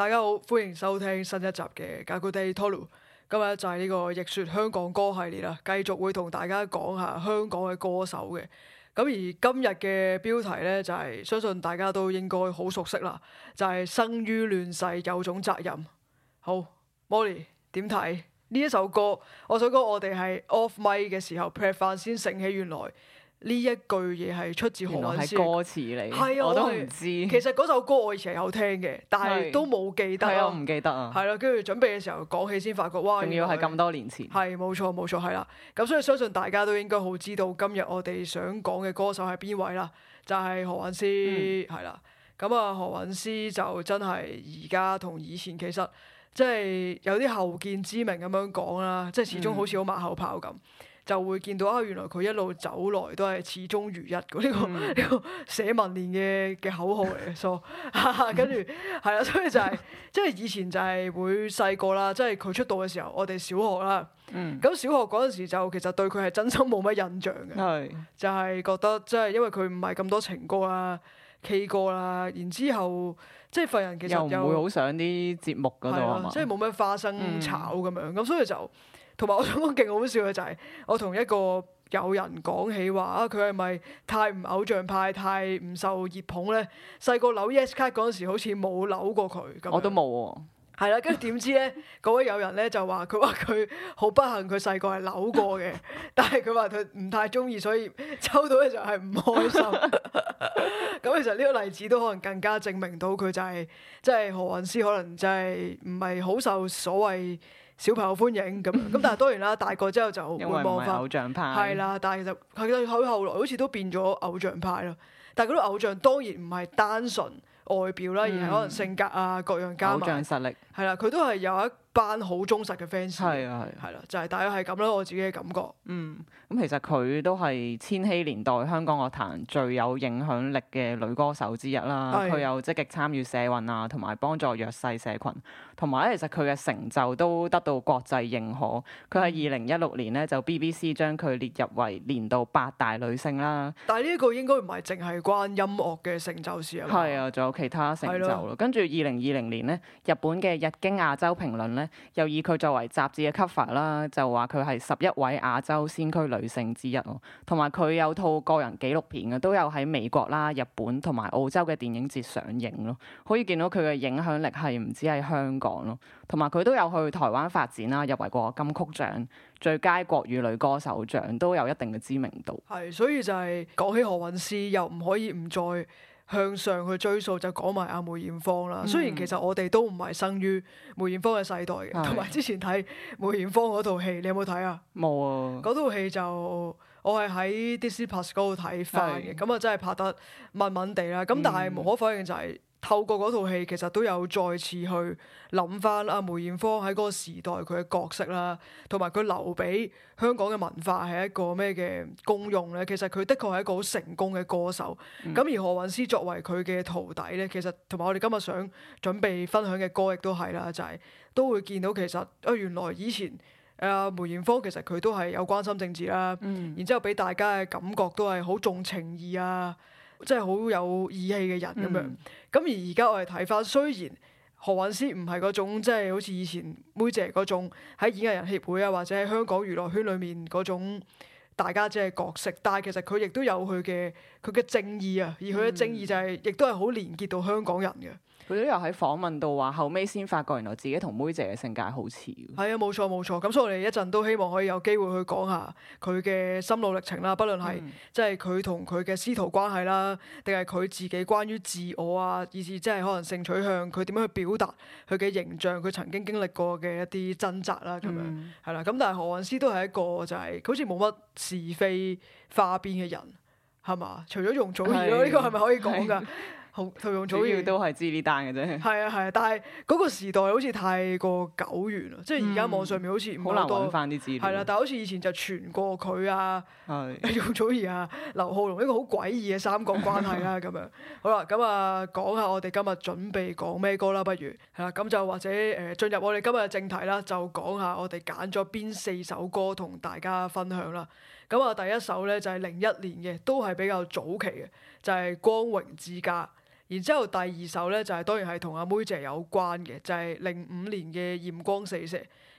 大家好，歡迎收聽新一集嘅《格古蒂 Tolu》，今日就係呢個逆說香港歌系列啦，繼續會同大家講下香港嘅歌手嘅。咁而今日嘅標題呢，就係相信大家都應該好熟悉啦，就係《生於亂世有種責任》。好，Molly 點睇呢一首歌？我首歌我哋係 off 咪嘅時候，play 返先醒起原來。呢一句嘢係出自何韻詩，係歌詞嚟，係啊，我都唔知。其實嗰首歌我以前有聽嘅，是但係都冇記得。係啊，唔記得啊。係咯，跟住準備嘅時候講起先，發覺哇！仲要係咁多年前。係冇錯冇錯，係啦。咁所以相信大家都應該好知道今日我哋想講嘅歌手係邊位啦？就係、是、何韻詩，係啦、嗯。咁啊，何韻詩就真係而家同以前其實即係、就是、有啲後見之明咁樣講啦，即、就、係、是、始終好似好馬後炮咁。嗯就會見到啊！原來佢一路走來都係始終如一嘅呢、這個呢、嗯、個社民連嘅嘅口號嚟嘅，所以跟住係啊。所以就係即係以前就係會細個啦，即係佢出道嘅時候，我哋小學啦。咁、嗯、小學嗰陣時就其實對佢係真心冇乜印象嘅，是的 就係覺得即係因為佢唔係咁多情歌啦、K 歌啦，然後之後即係份人其實又唔會好想啲節目嗰即係冇咩花生炒咁、嗯、樣，咁所以就。同埋我覺得勁好笑嘅就係、是、我同一個友人講起話啊，佢係咪太唔偶像派、太唔受熱捧咧？細個扭 Yes 卡嗰陣時好似冇扭過佢咁，我都冇喎。係啦，跟住點知咧？嗰位友人咧就話佢話佢好不幸，佢細個係扭過嘅，但係佢話佢唔太中意，所以抽到咧就係唔開心。咁 其實呢個例子都可能更加證明到佢就係即係何韻詩可能就係唔係好受所謂。小朋友歡迎咁咁， 但係當然啦，大個之後就會播返偶像派。係啦，但係其實佢佢後來好似都變咗偶像派咯。但係嗰啲偶像當然唔係單純外表啦，嗯、而係可能性格啊各樣加埋。偶像實力係啦，佢都係有一班好忠實嘅 fans 係啊，係係啦，就係大約係咁啦，我自己嘅感覺，嗯咁其實佢都係千禧年代香港樂壇最有影響力嘅女歌手之一啦。佢的有積極參與社運啊，同埋幫助弱勢社群，同埋咧其實佢嘅成就都得到國際認可。佢喺二零一六年咧就 BBC 將佢列入為年度八大女星啦。但係呢個應該唔係淨係關音樂嘅成就事係啊，仲的有其他成就咯。的跟住二零二零年咧，日本嘅日經亞洲評論。又以佢作為雜誌嘅 cover 啦，就話佢係十一位亞洲先驅女性之一哦，同埋佢有，有套個人紀錄片嘅，都有喺美國啦、日本同埋澳洲嘅電影節上映咯，可以見到佢嘅影響力係唔止喺香港咯，同埋佢都有去台灣發展啦，入圍過金曲獎最佳國語女歌手獎，都有一定嘅知名度。係，所以就係、是、講起何韻詩，又唔可以唔再。向上去追溯就講埋阿梅艷芳啦。嗯、雖然其實我哋都唔係生於梅艷芳嘅世代嘅，同埋、嗯、之前睇梅艷芳嗰套戲，你有冇睇啊？冇沒啊！嗰套戲就我係喺 Disney+ 嗰度睇翻嘅，咁啊的真係拍得悶悶地啦。咁、嗯、但係無可否認就係、是。透過嗰套戲，其實都有再次去諗翻阿梅艷芳喺嗰個時代佢嘅角色啦，同埋佢留俾香港嘅文化係一個咩嘅功用咧？其實佢的確係一個好成功嘅歌手，咁、嗯、而何韻詩作為佢嘅徒弟咧，其實同埋我哋今日想準備分享嘅歌亦都係啦，就係、係、都會見到其實啊，原來以前阿梅艷芳其實佢都係有關心政治啦，嗯、然之後俾大家嘅感覺都係好重情義啊。即係好有義氣嘅人咁樣，咁、嗯、而而家我哋睇翻，雖然何韻詩唔係嗰種即係、就是、好似以前梅姐嗰種喺演藝人協會啊，或者喺香港娛樂圈裏面嗰種大家姐嘅角色，但係其實佢亦都有佢嘅佢嘅正義啊，而佢嘅正義就係、是嗯、亦都係好連結到香港人嘅。佢都有喺訪問到話，後尾先發覺原來自己同妹姐嘅性格好似。係啊，冇錯冇錯。咁所以我哋一陣都希望可以有機會去講下佢嘅心路歷程啦，不論係即係佢同佢嘅師徒關係啦，定係佢自己關於自我啊，以至即係可能性取向，佢點樣去表達佢嘅形象，佢曾經經歷過嘅一啲掙扎啦咁樣。係啦，咁、嗯、但係何韻詩都係一個就係、是、好似冇乜是非花邊嘅人，係嘛？除咗容祖兒囉，呢的個係咪可以講㗎？是的 好，容祖兒主要都係知呢單嘅啫。係啊係啊，但係嗰個時代好似太過久遠啦，嗯、即係而家網上面好似好難揾翻啲資料啦、啊，但係好似以前就傳過佢啊，陶、哎、祖兒啊，劉浩龍呢、呢個好詭異嘅三角關係啦、啊、咁 樣。好啦，咁啊講下我哋今日準備講咩歌啦，不如係啦，咁、啊、就或者誒進入我哋今日嘅正題啦，就講下我哋揀咗邊四首歌同大家分享啦。咁啊第一首咧就係零一年嘅，都係比較早期嘅，就係、係《光榮之家》。然之後第二首咧就係當然係同阿妹姐有關嘅，就係零五年嘅《艷光四射》。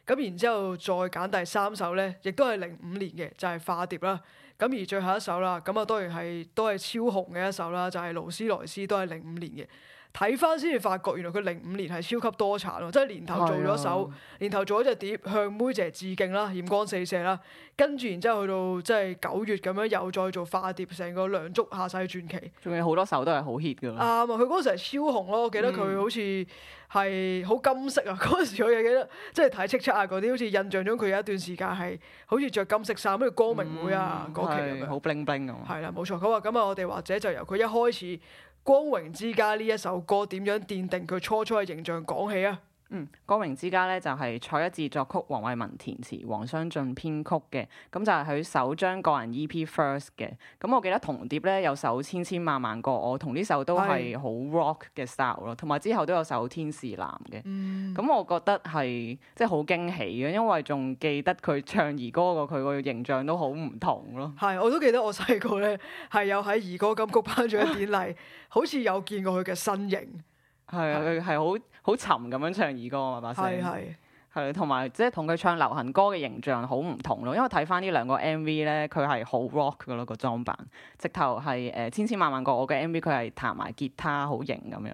咁然之後再揀第三首咧，亦都係零五年嘅，就係《化蝶》啦。咁而最後一首啦，咁啊當然係都係超紅嘅一首啦，就係《勞斯萊斯》，都係零五年嘅。睇翻先至發覺，原來佢零五年係超級多產咯，即係年頭做咗首，是的 年頭做咗隻碟向妹姐致敬啦，艷光四射啦，跟住然之後去到即係九月咁樣又再做化蝶，成個梁祝下世傳奇，仲有好多首都係好 hit 噶。啱啊，佢嗰陣時係超紅咯，我記得佢好似係好金色啊，嗰陣、嗯、時我亦記得，即係睇《叱吒》啊嗰啲，好似印象中佢有一段時間係好似着金色衫去歌迷會啊嗰期咁樣，好 bling bling 咁。係啦，冇錯。咁啊，咁啊，我哋或者就由佢一開始。光榮之家呢一首歌點樣奠定佢初初嘅形象講，講起啊。嗯，歌名之家咧就係、是、蔡一智作曲，黃偉文填詞，黃湘俊編曲嘅，咁就係佢首張個人 E.P. First 嘅。咁我記得同碟咧有首千千萬萬個我，同呢首都係好 rock 嘅 style 咯是。同埋之後都有首天使男嘅，咁、嗯、我覺得係即係好驚喜嘅，因為仲記得佢唱兒歌個佢個形象都好唔同咯。係，我都記得我細個咧係有喺兒歌金曲頒獎典禮， 好似有見過佢嘅身形。係是，係好、啊。.好沉咁樣唱兒歌啊嘛，把聲，係係，同埋即係同佢唱流行歌嘅形象好唔同咯。因為睇翻呢兩個 MV 咧，佢係好 rock 嘅咯個裝扮，直頭係誒千千萬萬個我嘅 MV，佢係彈埋吉他好型咁樣。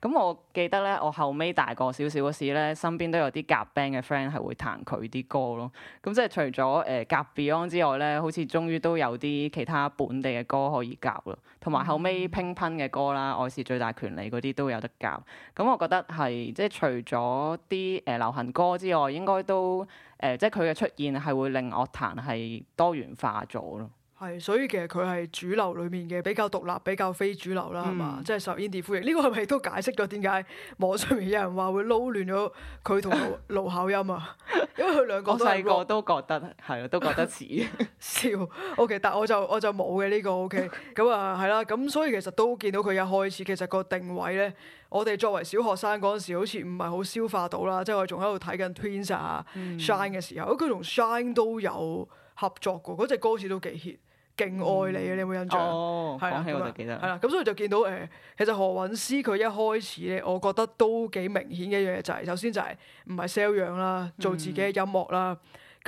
咁我記得咧，我後尾大個少少嗰時咧，身邊都有啲夾 band 嘅 friend 係會彈佢啲歌咯。咁即係除咗誒、呃、夾 Beyond 之外咧，好似終於都有啲其他本地嘅歌可以夾咯。同埋後尾乒乓嘅歌啦，《愛是最大權利》嗰啲都有得夾。咁我覺得係即係除咗啲誒流行歌之外，應該都誒、呃、即係佢嘅出現係會令樂壇係多元化咗咯。係，所以其實佢係主流裏面嘅比較獨立、比較非主流啦，係嘛？嗯、即係受 Indie。呢個係咪都解釋咗點解網上面有人話會撈亂咗佢同盧巧音啊？ 因為佢兩個都我細個都覺得係，都覺得似 ，笑。O.K.，但我就我就冇嘅呢個 O.K. 咁啊，係啦。咁所以其實都見到佢一開始其實個定位咧，我哋作為小學生嗰陣時，好似唔係好消化到啦。即係我仲喺度睇緊 Twins 啊、Shine 嘅時候，佢同 Shine 都有合作過，嗰隻歌詞都幾 hit。勁愛你啊，你有冇印象？哦，講起我就記得。係啦，咁所以就見到誒，其實何韻詩佢一開始咧，我覺得都幾明顯嘅一樣嘢就係，首先就係唔係 sell 樣啦，做自己嘅音樂啦。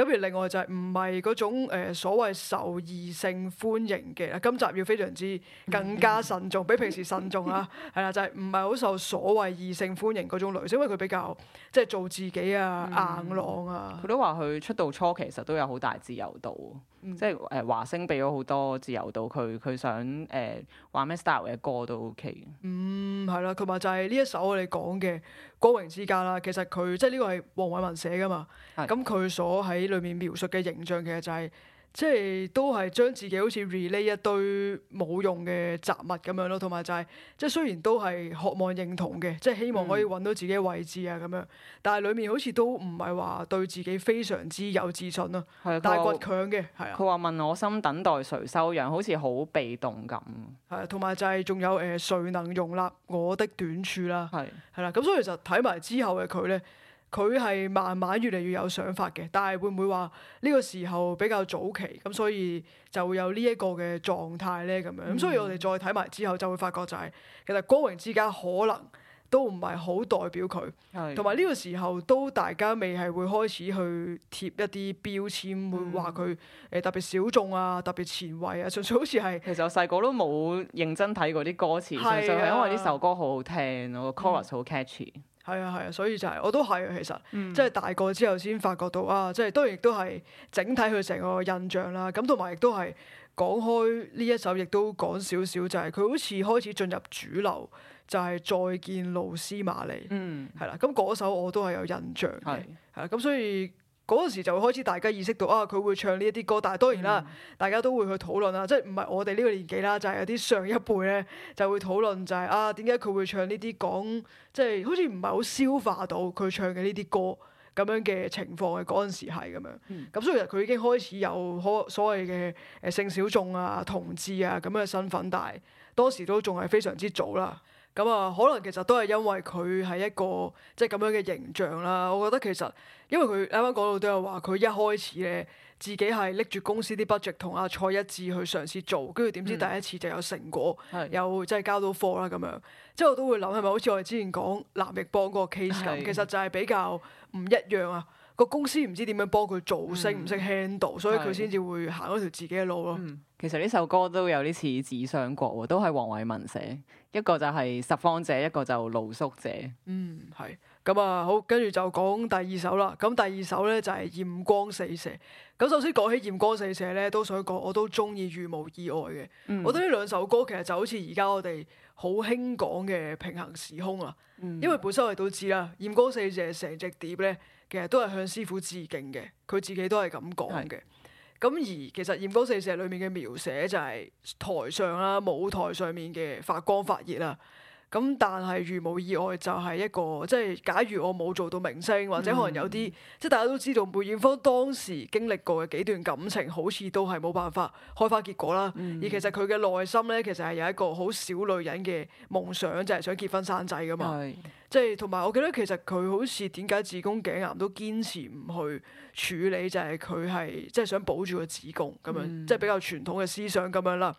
咁如另外就係唔係嗰種、呃、所謂受異性歡迎嘅。今集要非常之更加慎重， 比平時慎重啦。係啦， 就係唔係好受所謂異性歡迎嗰種類，因為佢比較即係、就係、做自己啊、硬朗啊。佢、嗯、都話佢出道初期其實都有好大自由度，嗯、即係誒華星俾咗好多自由度，佢佢想誒、呃、玩咩 style 嘅歌都 OK。嗯，係啦，同埋就係呢一首我哋講嘅。《高榮之家》啦，其實佢即係呢個係黃偉文寫㗎嘛，咁佢的所喺裏面描述嘅形象，其實就係、是。即係都係將自己好似 release 一堆冇用嘅雜物咁樣咯，同埋就係、是、即係雖然都係渴望認同嘅，即係希望可以揾到自己位置啊咁樣，但係裡面好似都唔係話對自己非常之有自信咯。係啊的，但倔強嘅，係啊。佢話問我心等待誰收養，好似好被動咁。係啊，同埋就係仲有誒、呃，誰能容納我的短處啦？係係啦，咁所以其實睇埋之後嘅佢咧。佢係慢慢越嚟越有想法嘅，但係會唔會話呢個時候比較早期咁，所以就會有呢一個嘅狀態呢？咁樣、嗯。咁所以我哋再睇埋之後就會發覺就係、是、其實歌榮之間可能都唔係好代表佢，同埋呢個時候都大家未係會開始去貼一啲標籤，嗯、會話佢誒特別小眾啊，特別前衞啊，純粹好似係其實我細個都冇認真睇過啲歌詞，的純粹係因為呢首歌好好聽咯，我個 chorus 好 catchy。係啊，係啊，所以就係、是、我都係啊，其實、嗯、即係大個之後先發覺到啊，即係當然亦都係整體佢成個印象啦。咁同埋亦都係講開呢一首，亦都講少少就係佢好似開始進入主流，就係、是、再見露絲瑪莉。嗯，係啦、啊，咁嗰首我都係有印象嘅。係、嗯、啊，咁所以。嗰陣時就會開始大家意識到啊，佢會唱呢一啲歌，但係當然啦，大家都會去討論啦。即係唔係我哋呢個年紀啦，就係、是、有啲上一輩咧就會討論、就是啊會，就係啊點解佢會唱呢啲講即係好似唔係好消化到佢唱嘅呢啲歌咁樣嘅情況嘅，嗰陣時係咁樣。咁所以佢已經開始有所謂嘅誒性小眾啊、同志啊咁樣嘅身份，但係當時都仲係非常之早啦。咁啊，可能其實都係因為佢係一個即係咁樣嘅形象啦。我覺得其實因為佢啱啱講到都有話，佢一開始咧自己係拎住公司啲 budget 同阿蔡一智去嘗試做，跟住點知第一次就有成果，有即係交到貨啦咁樣。即係我都會諗係咪好似我哋之前講藍奕邦個 case 咁，的其實就係比較唔一樣啊。個公司唔知點樣幫佢做，識唔識 handle，所以佢先至會行嗰條自己嘅路咯。嗯、其實呢首歌都有啲似《志相國》喎，都係黃偉文寫，一個就係拾荒者，一個就露宿者。嗯，係。咁啊，好，跟住就講第二首啦。咁第二首呢、就是，就係《艷光四射》。咁首先講起《艷光四射》呢，都想講，我都中意《如無意外》嘅、嗯。我覺得呢兩首歌其實就好似而家我哋好興講嘅平衡時空啊。嗯、因為本身我哋都知啦，《艷光四射》成隻碟呢。其實都係向師傅致敬嘅，佢自己都係咁講嘅。咁是的 而其實《艷光四射》裏面嘅描寫就係台上啦，舞台上面嘅發光發熱啦。咁但係，如無意外就係一個即係，假如我冇做到明星或者可能有啲，嗯、即係大家都知道梅艷芳當時經歷過嘅幾段感情，好似都係冇辦法開花結果啦。嗯、而其實佢嘅內心咧，其實係有一個好小女人嘅夢想，就係、是、想結婚生仔㗎嘛。嗯、即係同埋我記得，其實佢好似點解子宮頸癌都堅持唔去處理就是是，就係佢係即係想保住個子宮咁樣，嗯、即係比較傳統嘅思想咁樣啦。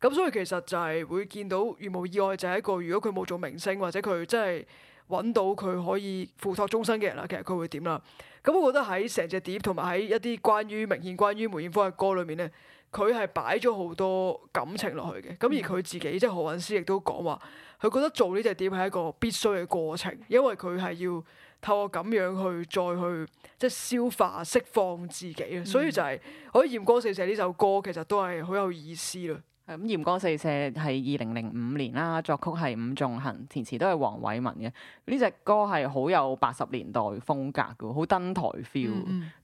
咁所以其實就係會見到，如無意外就係一個，如果佢冇做明星或者佢真係揾到佢可以付託終身嘅人啦，其實佢會點啦？咁我覺得喺成隻碟同埋喺一啲關於明顯關於梅艷芳嘅歌裏面咧，佢係擺咗好多感情落去嘅。咁而佢自己即係何韻詩亦都講話，佢覺得做呢隻碟係一個必須嘅過程，因為佢係要透過咁樣去再去即係消化釋放自己啊。所以就係我覺得《艷光四射》呢首歌其實都係好有意思啦。咁《艷光四射》係二零零五年啦，作曲係伍仲衡，填詞都係黃偉文嘅。呢隻歌係好有八十年代風格㗎，好登台 feel，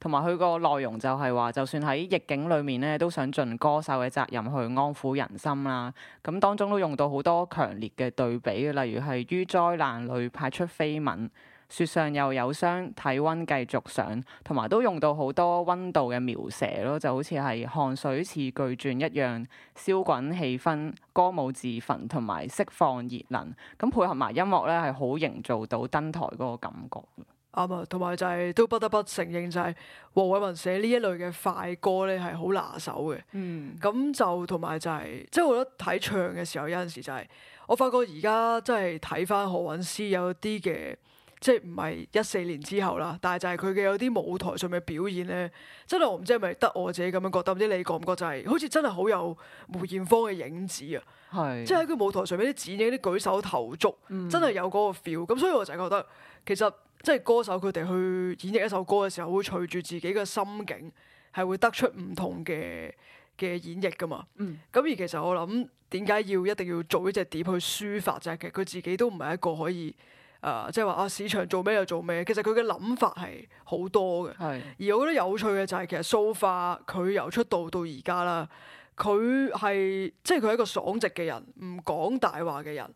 同埋佢個內容就係話，就算喺逆境裏面咧，都想盡歌手嘅責任去安撫人心啦。咁當中都用到好多強烈嘅對比，例如係於災難裏派出飛吻。雪上又有霜，體溫繼續上，同埋都用到好多溫度嘅描寫咯，就好似係汗水似巨鑽一樣燒滾氣氛，歌舞自焚同埋釋放熱能，咁配合埋音樂咧，係好營造到登台嗰個感覺。啊同埋就係都不得不承認就係黃偉文寫呢一類嘅快歌咧係好拿手嘅。嗯，咁就同埋就係即係我覺得睇唱嘅時候有陣時就係、是、我發覺而家即係睇翻何韻詩有啲嘅。即係唔係一四年之後啦，但係就係佢嘅有啲舞台上嘅表演咧，真係我唔知係咪得我自己咁樣覺得，唔知你有冇覺唔覺就係、是、好似真係好有梅艷芳嘅影子啊！是即係喺佢舞台上邊啲剪影、啲舉手投足，真係有嗰個 feel。咁、嗯、所以我就係覺得，其實即係歌手佢哋去演繹一首歌嘅時候，會隨住自己嘅心境係會得出唔同嘅嘅演繹噶嘛。嗯，咁而其實我諗，點解要一定要做呢隻碟去抒發啫？其實佢自己都唔係一個可以。誒，即係話啊，市場做咩就做咩，其實佢嘅諗法係好多嘅。係。是的 而我覺得有趣嘅就係其實 so far 佢由出道到而家啦，佢係即係佢係一個爽直嘅人，唔講大話嘅人。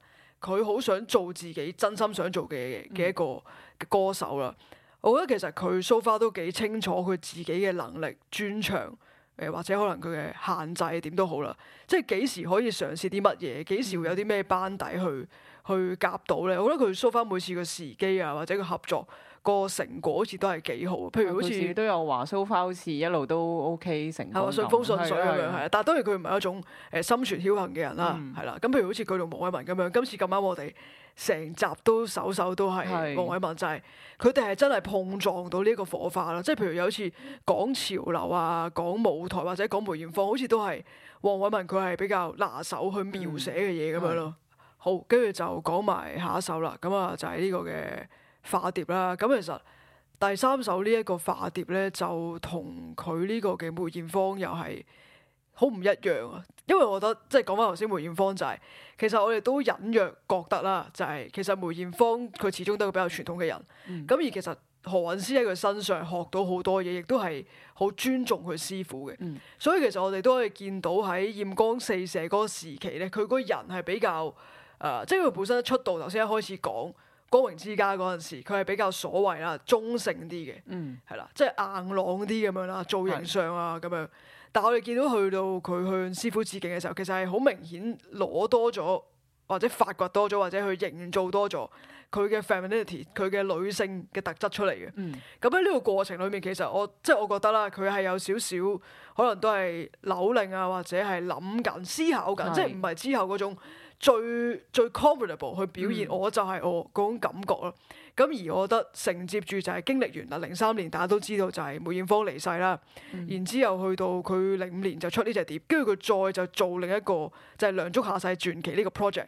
佢好想做自己真心想做嘅嘢嘅一個歌手啦。嗯、我覺得其實佢 s o so far 都幾清楚佢自己嘅能力專長，誒、呃、或者可能佢嘅限制點都好啦。即係幾時可以嘗試啲乜嘢，幾時會有啲咩班底去去夾到咧，我覺得佢 so far 每次嘅時機啊，或者個合作個成果好似都係幾好。譬如好似都有話 so far 好似一路都 OK 成。係嘛吧，順風順水咁樣係啦。但係當然佢唔係一種誒心存僥倖嘅人啦。係啦、嗯，咁譬如好似佢同黃偉文咁樣，今次咁啱我哋成集都首首都係黃偉文，的就係佢哋係真係碰撞到呢個火花啦。即係的譬如有一次講潮流啊，講舞台或者講梅艷芳，好似都係黃偉文佢係比較拿手去描寫嘅嘢咁樣咯。嗯好，跟住就講埋下一首啦。咁啊，就係呢個嘅化蝶啦。咁其實第三首呢一個化蝶咧，就同佢呢個嘅梅艷芳又係好唔一樣啊。因為我覺得即係講翻頭先梅艷芳就係、是，其實我哋都隱約覺得啦，就係、是、其實梅艷芳佢始終都係個比較傳統嘅人。咁、嗯、而其實何韻詩喺佢身上學到好多嘢，亦都係好尊重佢師傅嘅。嗯、所以其實我哋都可以見到喺艷光四射嗰個時期咧，佢個人係比較。誒、呃，即係佢本身一出道，頭先一開始講《光榮之家》嗰陣時，佢係比較所謂啦，中性啲嘅，嗯、係啦，即係硬朗啲咁樣啦，造型上啊咁樣。係啊。但係我哋見到去到佢向師傅致敬嘅時候，其實係好明顯攞多咗，或者發掘多咗，或者去營造多咗佢嘅 femininity，佢嘅女性嘅特質出嚟嘅。咁喺呢個過程裏面，其實我即係我覺得啦，佢係有少少可能都係扭擰啊，或者係諗緊、思考緊，即係唔係之後嗰種。最最 comfortable 去表現，我就係我嗰種感覺咯。咁、嗯、而我覺得承接住就係經歷完啦，零三年大家都知道就係梅艷芳離世啦，嗯、然之後去到佢零五年就出呢隻碟，跟住佢再就做另一個就係、是、梁祝下世傳奇呢個 project。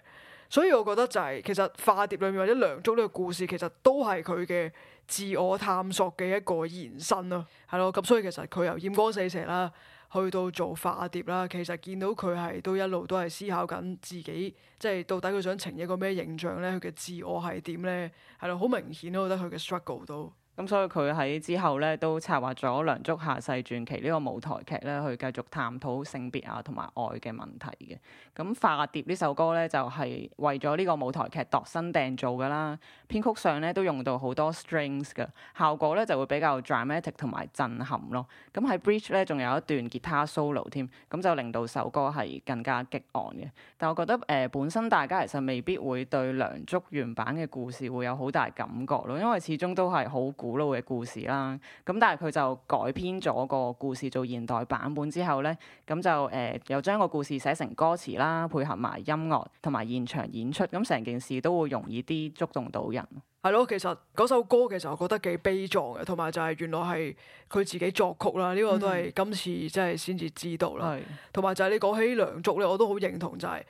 所以我覺得就係、是、其實化蝶裏面或者梁祝呢個故事，其實都係佢嘅自我探索嘅一個延伸咯。係咯、嗯，咁所以其實佢又艷光四射啦。去到做化蝶啦，其實見到佢係都一路都係思考緊自己，即係到底佢想呈一個咩形象咧？佢嘅自我係點咧？係咯，好明顯咯，我覺得佢嘅 struggle 都。咁、嗯、所以佢喺之後咧都策劃咗《梁祝下世傳奇》呢個舞台劇咧，去繼續探討性別啊同埋愛嘅問題嘅。咁、嗯《化蝶》呢首歌咧就係、是、為咗呢個舞台劇度身訂做噶啦，編曲上咧都用到好多 strings 嘅效果咧就會比較 dramatic 同埋震撼咯。咁、嗯、喺《Bridge》咧仲有一段吉他 solo 添，咁就令到首歌係更加激昂嘅。但我覺得誒、呃、本身大家其實未必會對梁祝原版嘅故事會有好大感覺咯，因為始終都係好古。古老嘅故事啦，咁但係佢就改編咗個故事做現代版本之後呢，咁就誒、呃、又將個故事寫成歌詞啦，配合埋音樂同埋現場演出，咁成件事都會容易啲觸動到人。係咯，其實嗰首歌其實我覺得幾悲壯嘅，同埋就係原來係佢自己作曲啦，呢、這個都係今次即係先至知道啦。同埋、嗯、就係你講起梁祝呢，我都好認同、就是，就係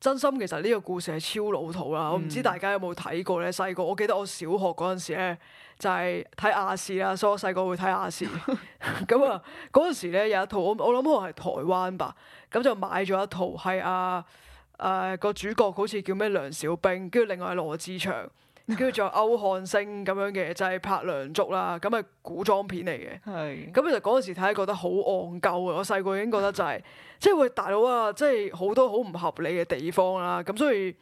真心。其實呢個故事係超老土啦，我唔知大家有冇睇過呢細個？我記得我小學嗰陣時呢。就係睇亞視啦，所以我細個會睇亞視。咁 啊，嗰陣時咧有一套，我我諗可能係台灣吧。咁就買咗一套，係啊，阿、啊那個主角好似叫咩梁小冰，跟住另外係羅志祥，跟住仲有歐漢聲咁樣嘅，就係、是、拍梁祝啦。咁係古裝片嚟嘅。係的。咁其實嗰陣時睇覺得好戇鳩啊！我細個已經覺得就係、是，即、就、係、是、喂大佬啊，即係好多好唔合理嘅地方啦。咁所以。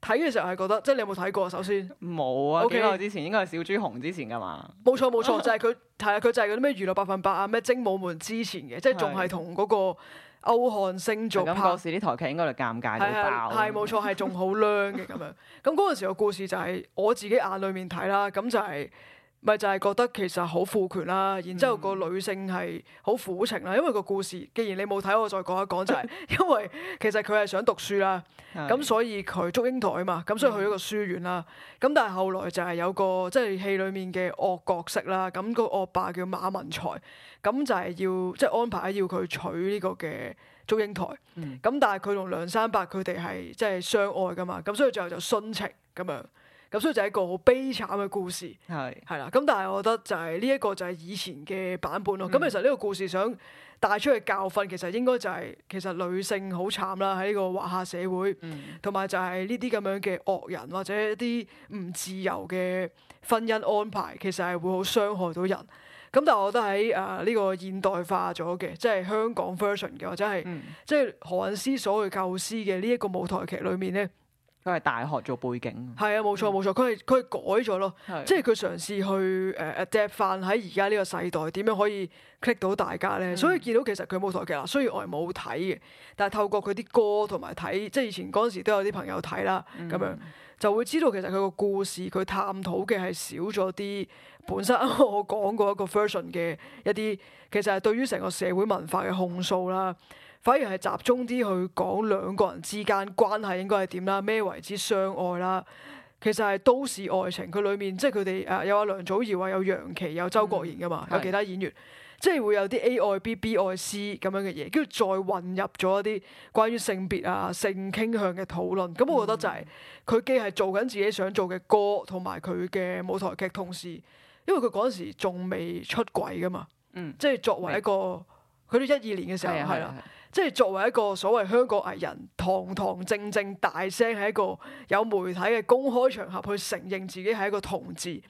睇嘅時候係覺得，即係你有冇睇過？首先冇啊，幾耐 Okay. 之前應該係小豬紅之前噶嘛？冇錯冇錯，就係佢睇下佢就係嗰啲咩娛樂百分百啊，咩精武門之前嘅， 即係仲係同嗰個歐漢聲做。咁嗰時啲台劇應該就尷尬到爆，係冇錯，係仲好 low 嘅咁樣。咁嗰陣時嘅故事就係、是、我自己眼裏面睇啦，咁就係、是。咪就係覺得其實好賦權啦，然之後個女性係好苦情啦，因為個故事，既然你冇睇，我再講一講就係、是，因為其實佢係想讀書啦，咁 所以佢祝英台啊嘛，咁所以去咗個書院啦，咁、嗯、但係後來就係有個即係戲裡面嘅惡角色啦，咁、那個惡霸叫馬文才，咁就係要即係、就是、安排要佢娶呢個嘅祝英台，咁、嗯、但係佢同梁山伯佢哋係即係相愛噶嘛，咁所以最後就殉情咁樣。咁所以就係一個好悲慘嘅故事，係係啦。咁但係我覺得就係呢一個就係以前嘅版本咯。咁、嗯、其實呢個故事想帶出去教訓，其實應該就係、是、其實女性好慘啦喺呢個華夏社會，同埋、嗯、就係呢啲咁樣嘅惡人或者一啲唔自由嘅婚姻安排，其實係會好傷害到人。咁但係我覺得喺啊呢個現代化咗嘅，即係香港 version 嘅，或者係、嗯、即係何韻詩所謂構思嘅呢一個舞台劇裏面咧。佢係大學做背景，係啊，冇錯冇錯，佢係佢係改咗咯，是的 即係佢嘗試去誒、uh, adapt 喺而家呢個世代點樣可以 click 到大家咧。嗯、所以見到其實佢舞台劇啦，雖然我係冇睇嘅，但係透過佢啲歌同埋睇，即係以前嗰陣時都有啲朋友睇啦，咁樣、嗯、就會知道其實佢個故事佢探討嘅係少咗啲本身我講過一個 version 嘅一啲，其實係對於成個社會文化嘅控訴啦。反而係集中啲去講兩個人之間關係應該係點啦，咩為之相愛啦？其實係都市愛情，佢裏面即係佢哋誒，有阿梁祖堯，有楊奇，有周國賢噶嘛，有其他演員，嗯、即係會有啲 A 愛 B、B 愛 C 咁樣嘅嘢，跟住再混入咗一啲關於性別啊、性傾向嘅討論。咁我覺得就係、是、佢既係做緊自己想做嘅歌，同埋佢嘅舞台劇，同時因為佢嗰陣時仲未出軌噶嘛，嗯、即係作為一個佢都一二年嘅時候係啦。嗯即係作為一個所謂香港藝人，堂堂正正大聲喺一個有媒體嘅公開場合去承認自己係一個同志，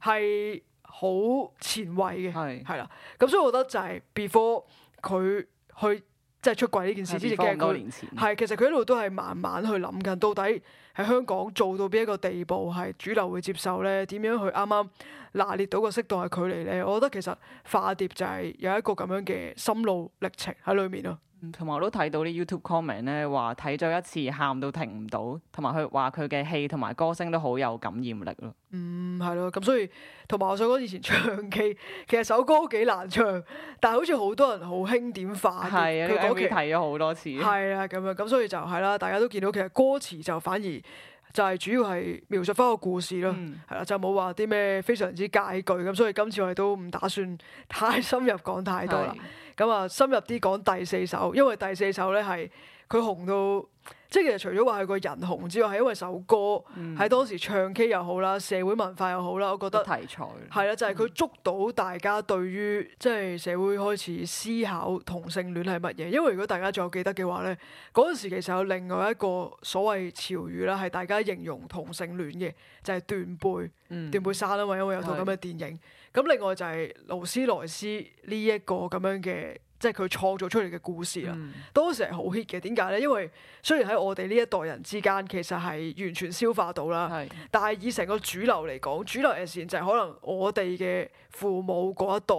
係好、嗯、前衛嘅，係啦是。咁所以我覺得就係 before 佢去即係出櫃呢件事之是 before 前，佢係其實佢一路都係慢慢去諗緊，到底喺香港做到邊一個地步係主流會接受咧？點樣去啱啱拿捏到個適度嘅距離咧？我覺得其實化蝶就係有一個咁樣嘅心路歷程喺裏面咯。同埋我都睇到啲 YouTube comment 咧，話睇咗一次喊到停唔到，同埋佢話佢嘅戲同埋歌聲都好有感染力咯。嗯，係咯，咁所以同埋我想講，以前唱 K 其實首歌幾難唱，但係好似好多人好輕點化嘅。係啊的，佢講 K 睇咗好多次。係啊，咁樣，咁所以就係、是、啦，大家都見到其實歌詞就反而就係主要係描述翻個故事咯。係啦、嗯，就冇話啲咩非常之介句咁，所以今次我哋都唔打算太深入講太多啦。咁啊，深入啲講第四首，因為第四首咧係佢紅到，即係其實除咗話係個人紅之外，係因為首歌喺、嗯、當時唱 K 又好啦，社會文化又好啦，我覺得題材係啦，就係、是、佢捉到大家對於、嗯、即係社會開始思考同性戀係乜嘢。因為如果大家仲有記得嘅話咧，嗰陣時其實有另外一個所謂潮語啦，係大家形容同性戀嘅就係、是、斷背、斷、嗯、背山啊嘛，因為有套咁嘅電影。咁另外就係勞斯萊斯呢一個咁樣嘅，即係佢創造出嚟嘅故事啦。嗯、當時係好 hit 嘅，點解呢？因為雖然喺我哋呢一代人之間，其實係完全消化到啦，是但係以成個主流嚟講，主流嘅羣就係可能我哋嘅父母嗰一代，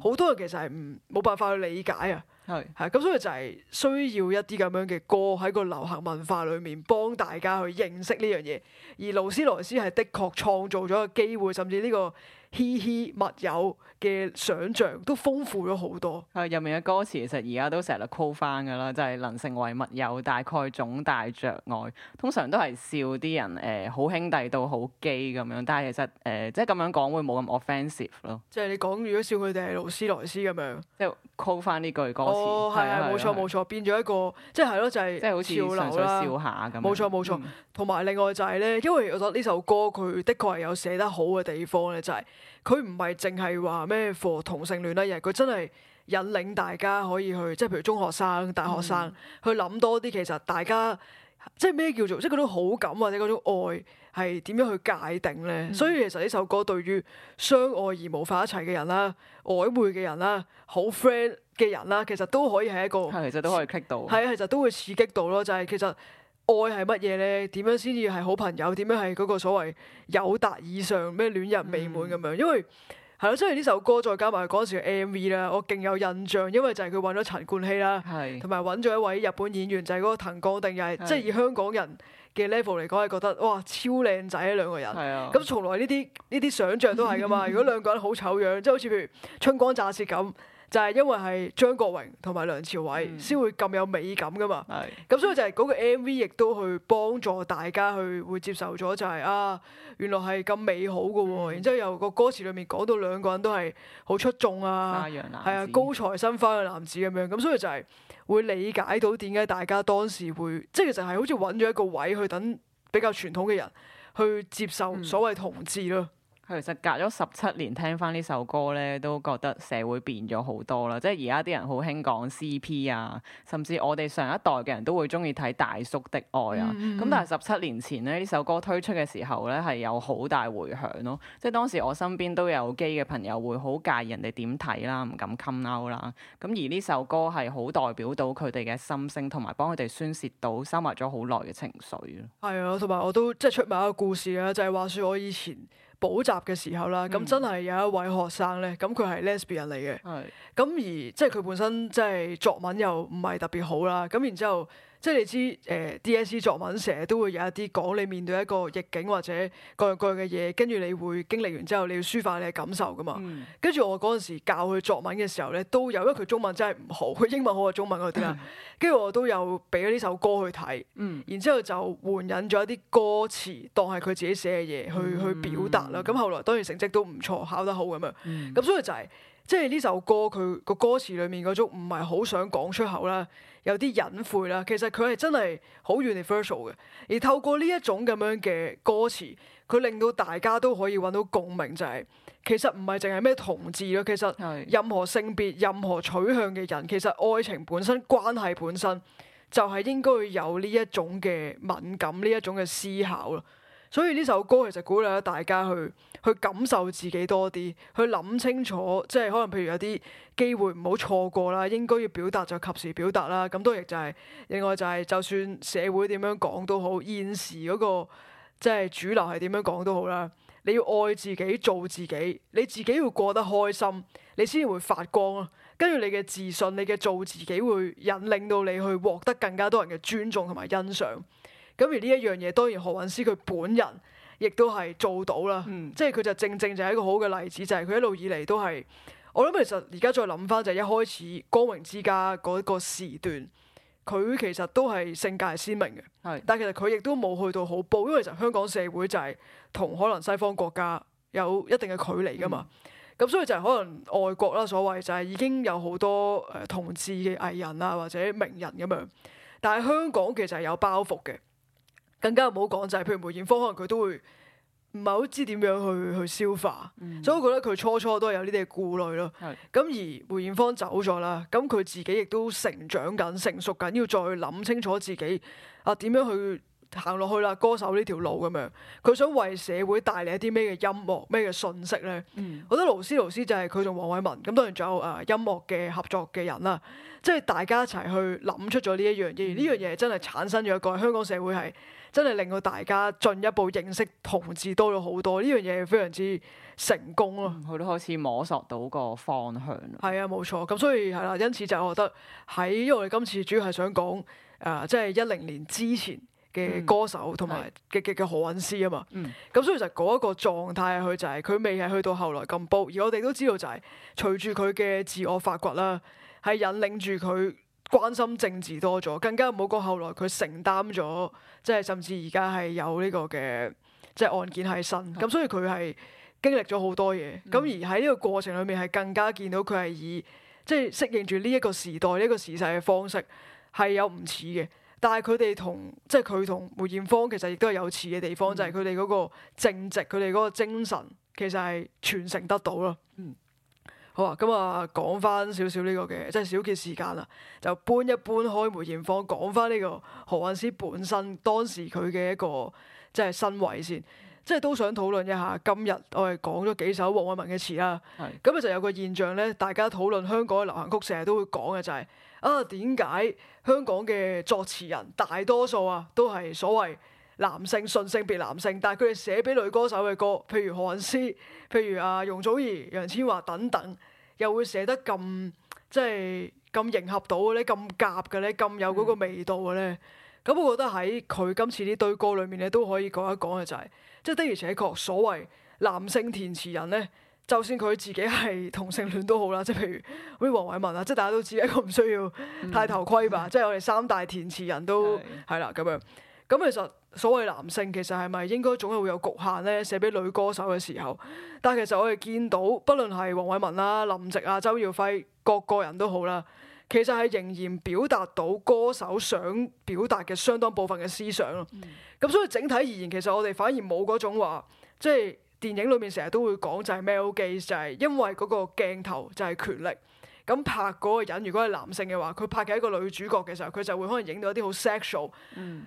好、嗯、多人其實係唔冇辦法去理解啊。係咁是，所以就係需要一啲咁樣嘅歌喺個流行文化裏面幫大家去認識呢樣嘢。而勞斯萊斯係的確創造咗個機會，甚至呢、呢個。嘻嘻密友嘅想像都豐富咗好多。係入面嘅歌詞其實而家都成日 call 翻㗎啦，就係能成為密友，大概總帶着愛。通常都係笑啲人誒、呃，好兄弟到好基 a 咁樣。但係其實誒，即係咁樣講會冇咁 offensive 咯。即係你講如果笑佢哋係勞斯萊斯咁樣，即係 call 翻呢句歌詞。哦，係啊，冇錯冇錯，變咗一個即係係咯，就係即係好似好想笑下咁樣。冇錯冇錯。同埋、嗯、另外就係、是、咧，因為我覺得呢首歌佢的確係有寫得好嘅地方咧，就係、是。佢唔係淨係話咩課同性戀啦，而係佢真係引領大家可以去，即係譬如中學生、大學生、嗯、去諗多啲。其實大家即係咩叫做，即係嗰種好感或者嗰種愛係點樣去界定呢？嗯、所以其實呢首歌對於相愛而無法一齊嘅人啦、曖昧嘅人啦、好 friend 嘅人啦，其實都可以係一個，其實都可以 click 到，係其實都會刺激到咯。就係、是、其實。愛係乜嘢呢？點樣先至係好朋友？點樣係嗰個所謂友達以上咩戀人未滿咁樣？嗯、因為係咯，雖然呢首歌再加埋嗰時 M V 啦，我勁有印象，因為就係佢揾咗陳冠希啦，同埋揾咗一位日本演員，就係、是、嗰個藤岡定也，是的 即係以香港人嘅 level 嚟講，係覺得哇超靚仔啊、兩個人。咁從是的 來呢啲呢啲想象都係噶嘛？如果兩個人好醜樣， 即係好似譬如春光乍泄咁。就係因為係張國榮同埋梁朝偉先會咁有美感㗎嘛，咁、嗯、所以就係嗰個 MV 亦都去幫助大家去會接受咗、啊，就係啊原來係咁美好嘅喎、啊，嗯、然之後由個歌詞裏面講到兩個人都係好出眾啊，係啊、啊高才生翻嘅男子咁樣，咁所以就係會理解到點解大家當時會即係其實係好似揾咗一個位去等比較傳統嘅人去接受所謂同志咯。嗯其實隔咗十七年聽翻呢首歌咧，都覺得社會變咗好多啦。即係而家啲人好興講 CP 啊，甚至我哋上一代嘅人都會中意睇大叔的愛啊。咁、嗯、但係十七年前咧，呢首歌推出嘅時候咧，係有好大回響咯。即係當時我身邊都有基嘅朋友會好介意人哋點睇啦，唔敢 come out 啦。咁而呢首歌係好代表到佢哋嘅心聲，同埋幫佢哋宣泄到收埋咗好耐嘅情緒咯。係啊，同埋我都即係出埋一個故事啊，就係、是、話說我以前。補習嘅時候啦，咁真係有一位學生咧，咁佢係 lesbian 嚟嘅，咁係而即係佢本身即係作文又唔係特別好啦，咁然之後。即係你知，誒、呃、DSE 作文成日都會有一啲講你面對一個逆境或者各樣各樣嘅嘢，跟住你會經歷完之後你要抒發你嘅感受噶嘛。跟住、嗯、我嗰陣時教佢作文嘅時候咧，都有，因為佢中文真係唔好，佢英文好過中文嗰啲啦。跟住、嗯、我都有俾咗呢首歌去睇，嗯、然之後就援引咗一啲歌詞，當係佢自己寫嘅嘢去去表達啦。咁、嗯嗯、後來當然成績都唔錯，考得好咁樣。咁、嗯嗯嗯、所以就係、是。即係呢首歌佢個歌詞裏面嗰種唔係好想講出口啦，有啲隱晦啦。其實佢係真係好 universal 嘅，而透過呢一種咁樣嘅歌詞，佢令到大家都可以搵到共鳴，就係其實唔係淨係咩同志咯，其實任何性別、任何取向嘅人，其實愛情本身、關係本身就係應該有呢一種嘅敏感、呢一種嘅思考咯。所以呢首歌其實鼓勵咗大家去去感受自己多啲，去諗清楚，即係可能譬如有啲機會唔好錯過啦，應該要表達就及時表達啦。咁都亦就係，另外就係，就算社會點樣講都好，現時嗰個即係主流係點樣講都好啦，你要愛自己，做自己，你自己要過得開心，你先會發光咯。跟住你嘅自信，你嘅做自己會引領到你去獲得更加多人嘅尊重同埋欣賞。咁而呢一樣嘢當然何韻詩佢本人亦都係做到啦，嗯、即係佢就正正就係一個好嘅例子，就係、是、佢一路以嚟都係我諗其實而家再諗翻就係一開始《光榮之家》嗰個時段，佢其實都係性格係鮮明嘅，的但其實佢亦都冇去到好爆，因為其實香港社會就係同可能西方國家有一定嘅距離㗎嘛，咁、嗯、所以就係可能外國啦所謂就係已經有好多誒、呃、同志嘅藝人啊或者名人咁樣，但係香港其實係有包袱嘅。更加唔好講就係，譬如梅艷芳，可能佢都會唔係好知點樣去去消化，mm hmm. 所以我覺得佢初初都係有呢啲顧慮咯。咁、mm hmm. 而梅艷芳走咗啦，咁佢自己亦都成長緊、成熟緊，要再諗清楚自己啊點樣去行落去啦歌手呢條路咁樣。佢想為社會帶嚟一啲咩嘅音樂、咩嘅信息咧？Mm hmm. 我覺得勞斯勞斯就係佢同黃偉文咁，當然仲有誒音樂嘅合作嘅人啦，即係大家一齊去諗出咗呢一樣嘢，呢樣嘢真係產生咗一個香港社會係。真係令到大家進一步認識同志多咗好多，呢樣嘢非常之成功咯。佢、嗯、都開始摸索到個方向。係啊，冇錯。咁所以係啦，因此就我覺得喺因為我哋今次主要係想講啊，即、呃、係、就係、一零年之前嘅歌手同埋嘅嘅何韻詩啊嘛。咁、嗯、所以就嗰一個狀態，佢就係佢未係去到後來咁煲，而我哋都知道就係隨住佢嘅自我發掘啦，係引領住佢。關心政治多咗，更加唔好講後來佢承擔咗，即係甚至而家係有呢個嘅即係案件喺身。咁、嗯、所以佢係經歷咗好多嘢，咁而喺呢個過程裏面係更加見到佢係以即係、就是、適應住呢一個時代呢、呢個時勢嘅方式係有唔似嘅，但係佢哋同即係佢同梅艷芳其實亦都係有似嘅地方，嗯、就係佢哋嗰個正直，佢哋嗰個精神其實係傳承得到咯。嗯。好啊，咁啊，講翻少少呢個嘅，即係小結時間啦，就搬一搬開梅艷芳，講翻呢個何韻詩本身當時佢嘅一個即係身位先，即係都想討論一下今日我哋講咗幾首黃偉文嘅詞啦、啊。咁啊是就有個現象咧，大家討論香港嘅流行曲成日都會講嘅就係、是、啊點解香港嘅作詞人大多數啊都係所謂男性、順性別男性，但係佢哋寫俾女歌手嘅歌，譬如何韻詩，譬如啊容祖兒、楊千嬅等等，又會寫得咁即係咁迎合到嘅咧、咁夾嘅咧、咁有嗰個味道嘅咧。咁、嗯、我覺得喺佢今次對裡呢堆歌裏面咧，都可以講一講嘅就係、是，即係的而且確所謂男性填詞人咧，就算佢自己係同性戀都好啦、嗯。即係譬如好似黃偉文啊，即係大家都知一個唔需要戴頭盔吧。嗯嗯、即係我哋三大填詞人都係啦咁樣。咁其實。所謂男性其實係咪應該總係會有局限呢？寫俾女歌手嘅時候，但其實我哋見到，不論係黃偉文啦、林夕啊、周耀輝各個人都好啦，其實係仍然表達到歌手想表達嘅相當部分嘅思想咁、嗯、所以整體而言，其實我哋反而冇嗰種話，即係電影裏面成日都會講就係 male gaze 就係因為嗰個鏡頭就係權力。咁拍嗰個人如果係男性嘅話，佢拍嘅一個女主角嘅時候，佢就會可能影到一啲好 sexual，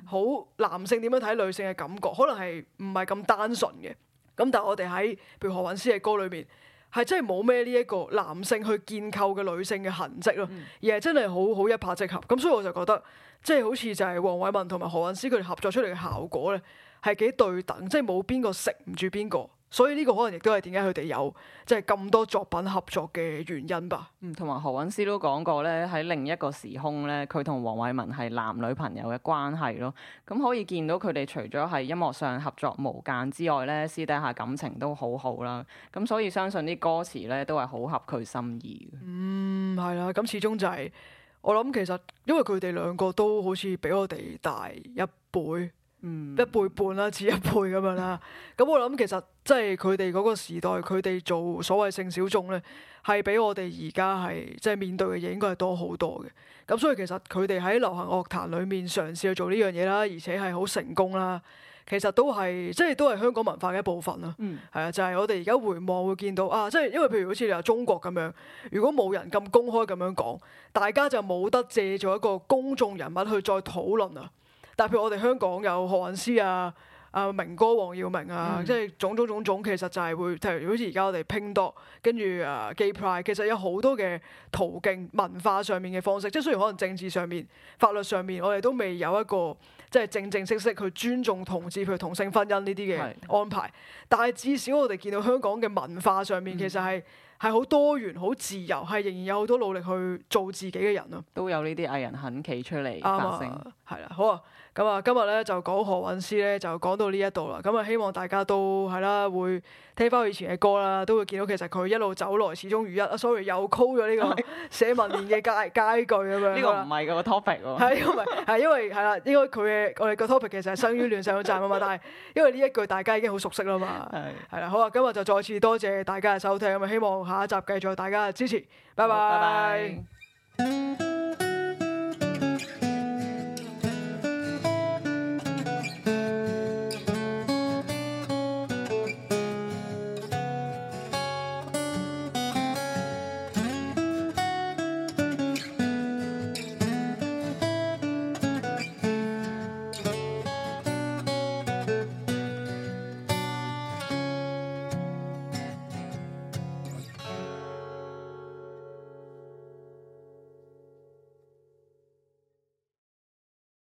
好男性點樣睇女性嘅感覺，可能係唔係咁單純嘅。咁但係我哋喺譬如何韻詩嘅歌裏面，係真係冇咩呢一個男性去建構嘅女性嘅痕跡咯，嗯、而係真係好好一拍即合。咁所以我就覺得，即係好似就係黃偉文同埋何韻詩佢哋合作出嚟嘅效果咧，係幾對等，即係冇邊個食唔住邊個。所以呢個可能亦都係點解佢哋有即係咁多作品合作嘅原因吧。嗯，同埋何韻詩都講過咧，喺另一個時空咧，佢同黃偉文係男女朋友嘅關係咯。咁、嗯、可以見到佢哋除咗係音樂上合作無間之外咧，私底下感情都好好啦。咁所以相信啲歌詞咧都係好合佢心意嘅。嗯，係啦。咁始終就係、是、我諗，其實因為佢哋兩個都好似比我哋大一輩。嗯、一倍半啦，似一倍咁樣啦。咁、嗯、我諗其實即係佢哋嗰個時代，佢哋做所謂性小眾咧，係比我哋而家係即係面對嘅嘢，應該係多好多嘅。咁所以其實佢哋喺流行樂壇裏面嘗試去做呢樣嘢啦，而且係好成功啦。其實都係即係都係香港文化嘅一部分啦。係、嗯、啊，就係、是、我哋而家回望會見到啊，即、就、係、是、因為譬如好似你話中國咁樣，如果冇人咁公開咁樣講，大家就冇得借助一個公眾人物去再討論啊。代表我哋香港有何韻詩啊、啊明哥黃耀明啊，嗯、即係種種種種，其實就係會，譬如好似而家我哋 Pink Dot 跟住啊 gay pride，其實有好多嘅途徑、文化上面嘅方式，即係雖然可能政治上面、法律上面，我哋都未有一個即係正正式式去尊重同志，譬如同性婚姻呢啲嘅安排，是的 但係至少我哋見到香港嘅文化上面其實係。嗯係好多元、好自由，係仍然有好多努力去做自己嘅人啊。都有呢啲藝人肯企出嚟，啱啊，係啦，好啊，咁啊，今日咧就講何韻詩咧，就講到呢一度啦。咁啊，希望大家都係啦，會聽翻佢以前嘅歌啦，都會見到其實佢一路走來，始終如一。啊，sorry，又 call 咗呢個社民連嘅街街句咁樣。呢個唔係個 topic 喎，啊，係 因為係因為係啦，應該佢嘅我哋個 topic 其實係生於亂世咁滯啊嘛， 但係因為呢一句大家已經好熟悉啦嘛，係係啦，好啊，今日就再次多謝大家嘅收聽啊，咁希望。下一集繼續，大家嘅支持，拜拜。